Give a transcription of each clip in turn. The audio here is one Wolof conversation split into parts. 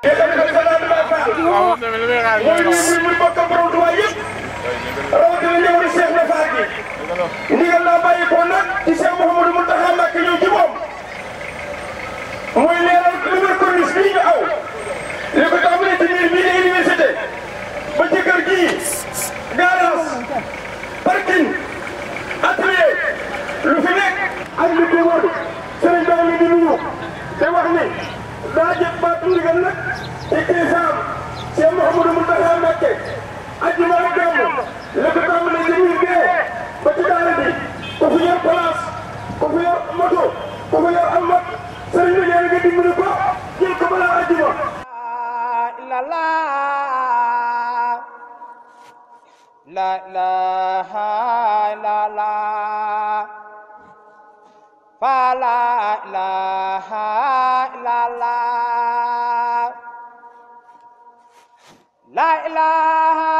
mooy lii muy muy bokkam borom Tuubaa yëpp rawatina njëwri Cheikh Ibra Fall gi ndigal laa bàyyi ko nag ci Cheikh Mouhamadou Mountakha Mbacké ñëw ci moom mooy leeral li wër corniche bii ñu ku fi yor place ku fi yor moto ku fi yor am mat sëriñ bi nee na nga dimbali ko jël ko balaa àjjuma la la la la la fa la la la la la la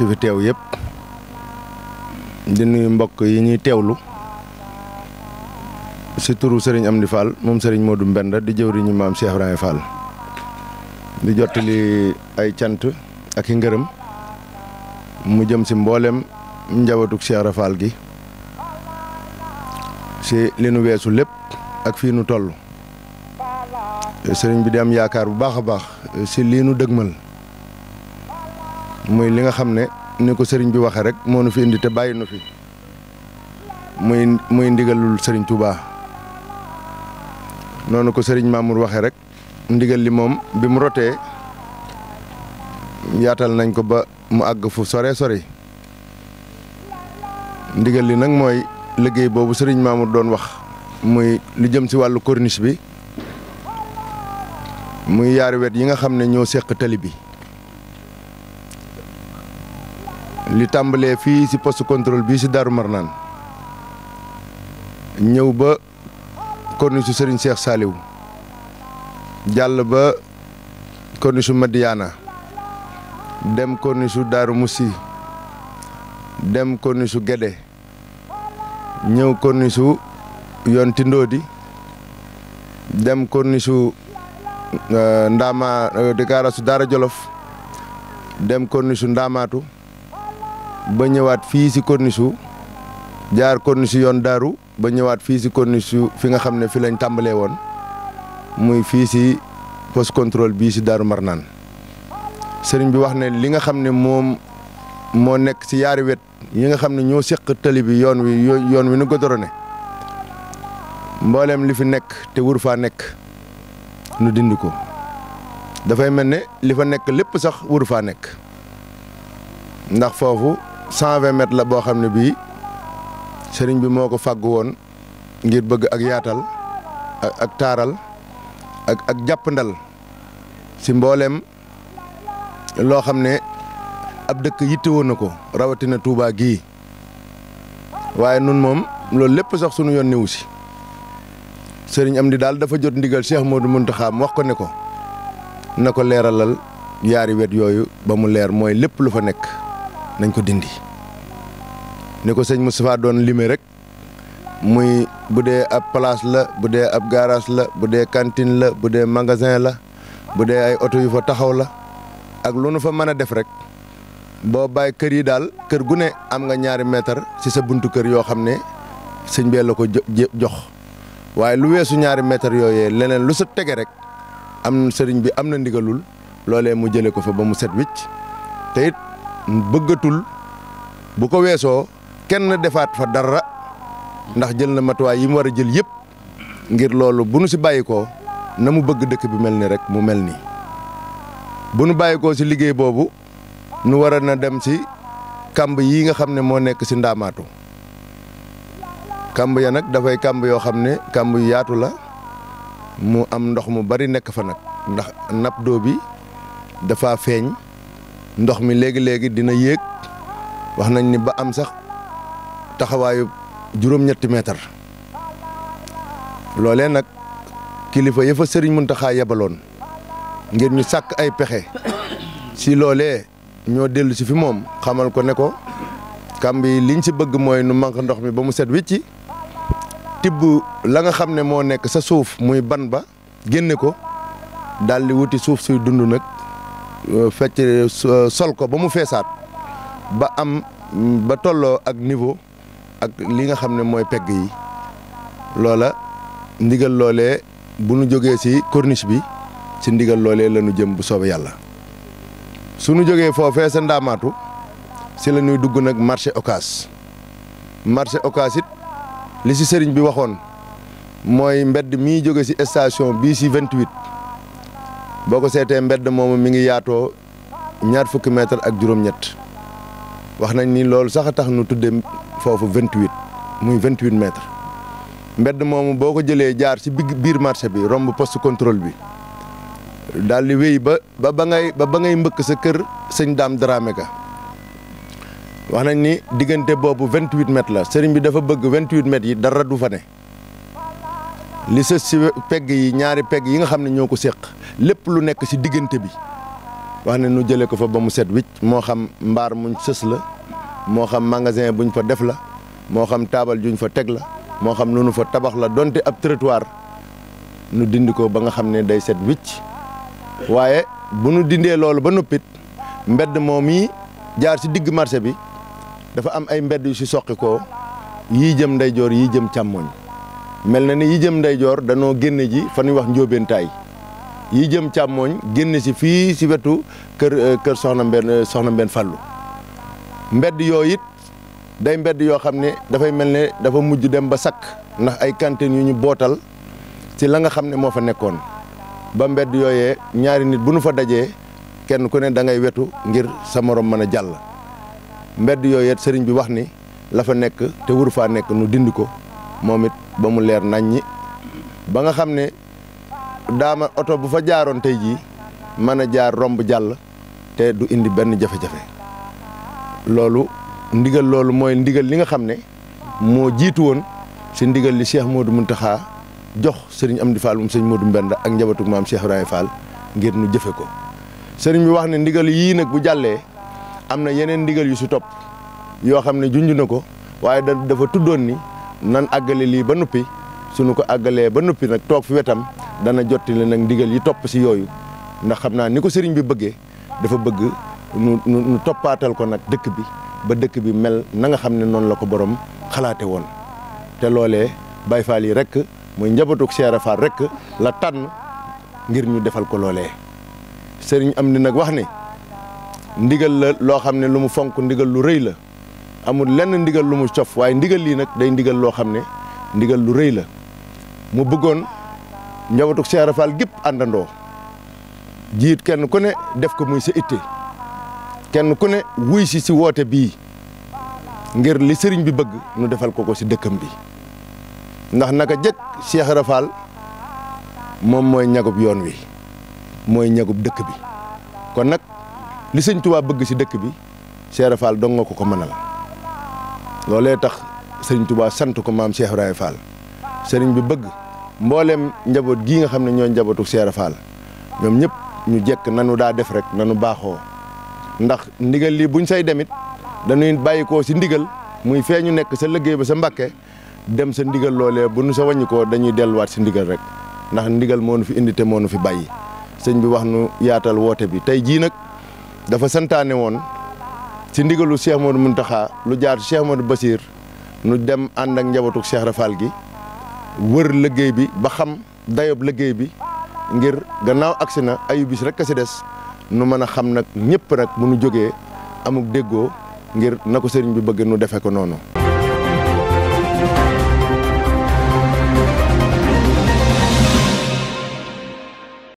mbokk fi teew yëpp di mbokk yi ñuy teewlu si turu am Amdi Fall moom Serigne Modou Mbenda di jëwriñu maam Cheikh Ibrahima Fall di jottali ay cant ak i ngërëm mu jëm si mbooleem njabootu Cheikh Ibrahima gi si li nu weesu lépp ak fii nu toll sëriñ bi di am yaakaar bu baax a baax si lii nu dëgmal. muy li nga xam ne ni ko sëriñ bi waxee rek moo nu fi indi te bàyyi nu fi muy muy ndigalul sëriñ Touba noonu ko sëriñ Mamour waxee rek ndigal li moom bi mu rotee yaatal nañ ko ba mu àgg fu sore sore ndigal li nag mooy liggéey boobu sëriñ Mamour doon wax muy lu jëm si wàllu kornis bi muy yaari wet yi nga xam ne ñoo seq tali bi. li tàmbalee fii si post contrôle bii si Daaru Marnaan ñëw ba corniche Serigne Cheikh Saliou jàll ba corniche Madiana dem corniche Daaru Moussi dem corniche Guédé ñëw corniche yoon Tindodi dem corniche euh, Ndama euh, di gaarasu Daara Jolof dem corniche Ndamaatu ba ñëwaat fii si corniche jaar corniche yoon daaru ba ñëwaat fii si corniche fi nga xam ne fi lañ tàmbalee woon muy fii si poste contrôle bii si daaru marnaan sëriñ bi wax ne li nga xam ne moom moo nekk si yaari wet yi nga xam ne ñoo seq tali bi yoon wi yoon wi nu godorone mbooleem li fi nekk te wur faa nekk nu dindi ko dafay mel ne li fa nekk lépp sax wur faa nekk ndax foofu cent la boo xam ne bii sëriñ bi moo ko fàggu woon ngir bëgg ak yaatal ak ak taaral ak ak jàppandal si mbooleem loo xam ne ab dëkk yitte woon na ko rawatina Touba gii waaye nun moom loolu lépp sax sunu yoon newu si sëriñ am di daal dafa jot ndigal Cheikh Modou Mountakha wax ko ne ko na ko leeralal yaari wet yooyu ba mu leer mooy lépp lu fa nekk nañ ko dindi ni ko sëñ Moustapha doon limee rek muy bu dee ab place la bu dee ab garage la bu dee cantine la bu dee magasin la bu dee ay oto yu fa taxaw la ak lu nu fa mën a def rek boo bàyyi kër yi daal kër gu ne am nga ñaari mètre ci sa buntu kër yoo xam ne sëñ bee la ko jox waaye lu weesu ñaari mètre yooyee leneen lu sa tege rek am sëriñ bi am na ndigalul loolee mu jëlee ko fa ba mu set wicc te bëggatul bu ko weesoo kenn defaat fa dara ndax jël na matuwaay yi mu war a jël yépp ngir loolu bu nu si bàyyikoo na mu bëgg dëkk bi mel ni rek mu mel nii bu nu bàyyikoo si liggéey boobu nu war a na dem si kamb yi nga xam ne moo nekk si ndaamaatu kàmb ya nag dafay kàmb yoo xam ne kàmb yu yaatu la mu am ndox mu bari nekk fa nag ndax nap doo bi dafa feeñ ndox mi léegi léegi dina yéeg wax nañ ni ba am sax taxawaayu juróom-ñetti mètre loolee nag kilifa ya fa sëriñ taxaa yebaloon ngir ñu sàkk ay pexe si loolee ñoo dellu si fi moom xamal ko ne ko kàmb liñ si bëgg mooy nu manque ndox mi ba mu set wicci tibb la nga xam ne moo nekk sa suuf muy ban ba génne ko daldi wuti suuf suy dund nag fecc euh, sol ko ba mu feesaat ba am mm, ba tolloo ak niveau ak li nga xam ne mooy pegg yi loola ndigal loolee bu nu jógee ci corniche bi ci ndigal loolee la jëm bu soobee yàlla su nu jógee foofee sa ndaamaatu ci la dugg nag marché occas marché occas it li si sëriñ bi waxoon mooy mbedd mii jóge ci station bii ci 28. boo ko seetee mbedd moomu mi ngi yaatoo ñaar fukki mètre ak juróom-ñett wax nañ ni loolu sax a tax nu tudde foofu vingt-huit muy vingt-huit mètres mbedd moomu boo ko jëlee jaar ci biir marché bi romb poste contrôle bi daal di wéy ba ba ba ngay ba ba ngay mbëkk sa kër sëñ daam Dramé ka wax nañ ni diggante boobu vingt-huit la sëriñ bi dafa bëgg vingt-huit yi dara du fa ne li sës si peg yi ñaari peg yi nga xam ne ñoo ko séq lépp lu nekk si diggante bi wax ne nu jëlee ko fa ba mu set wicc moo xam mbaar muñ sës la moo xam magasin buñ fa def la moo xam taabal juñ fa teg la moo xam lu nu fa tabax la donte ab trottoir nu dindi ko ba nga xam ne day set wicc waaye bu nu dindee loolu ba noppit mbedd moom yi jaar si digg marché bi dafa am ay mbedd yu si soqi ko yii jëm ndeyjoor yii jëm càmmoñ mel na ni yi jëm ndeyjoor danoo génne ji fa ñuy wax njóobeentaay yi jëm càmmooñ génne si fii si wetu kër euh, kër soxna mbenn euh, soxna mbenn fàllu mbedd yooyu it day mbedd yoo xam ne dafay mel ne dafa mujj dem ba sakk ndax ay cantines yu ñu bootal ci la nga xam ne moo fa nekkoon ba mbedd yooyee ñaari nit bu nu fa dajee kenn ku ne da ngay wetu ngir sa morom mën a jàll mbedd yooyee sëriñ bi wax ni la fa nekk te wuru faa nekk nu dindi ko moom it ba mu leer naññi ba nga xam ne daama oto bu fa jaaroon tey jii mën a jaar romb jàll te du indi benn jafe-jafe loolu ndigal loolu mooy ndigal li nga xam ne moo jiitu woon si ndigal li Cheikh Modou Mountakha jox sëriñ Amdi Fall moom sëñ Modou Mbenda ak njabootu maam Cheikh Ibrahima ngir nu jëfe ko sëriñ bi wax ne ndigal yii nag bu jàllee am na yeneen ndigal yu si topp yoo xam ne junj na ko waaye da dafa tuddoon nii nan àggale lii ba noppi suñu ko àggalee ba noppi nag toog fi wetam dana jottali nag ndigal yi topp si yooyu ndax xam naa ni ko sëriñ bi bëggee dafa bëgg nu nu toppaatal ko nag dëkk bi ba dëkk bi mel na nga xam ne noonu la ko borom xalaate woon te loolee Baay Faal yi rek mooy njabatu Seera Faal rek la tànn ngir ñu defal ko loolee sëriñ am ni nag wax ne ndigal la loo xam ne lu mu fonk ndigal lu rëy la amul lenn ndigal lu mu cof waaye ndigal lii nag day ndigal loo xam ne ndigal lu rëy la mu bëggoon njabootu Cheikh gépp àndandoo jiit kenn ku ne def ko muy sa itte kenn ku ne wuy si si woote bii ngir li sëriñ bi bëgg nu defal ko ko si dëkkam bi ndax naka jëkk Cheikh moom mooy ñagub yoon wi mooy ñagub dëkk bi kon nag li sëñ Tuubaa bëgg si dëkk bi Cheikh Ibra Fall nga ko ko mënal loolee tax sëriñ Touba sant ko maam Cheikh Ibrahima sëriñ bi bëgg mbooleem njaboot gii nga xam ne ñooy njabootu Cheikh Fall ñoom ñëpp ñu jekk nanu daa def rek nanu baaxoo ndax ndigal lii buñ say demit dañuy bàyyi koo si ndigal muy fee ñu nekk sa liggéey ba sa Mbàkke dem sa ndigal loolee bu nu sa wàññi dañuy delluwaat si ndigal rek ndax ndigal moo nu fi indi te moo nu fi bàyyi sëñ bi wax nu yaatal woote bi tey jii nag dafa santaane woon ci ndigalu Cheikh Modou Mountakha lu jaar Cheikh Modou Basir nu dem ànd ak njabootu Cheikh Rafal gi wër liggéey bi ba xam dayob liggéey bi ngir gannaaw agsi na ayu bis rek a si des nu mën a xam nag ñëpp nag bu nu jógee amuk déggoo ngir na ko sëriñ bi bëgg nu defe ko noonu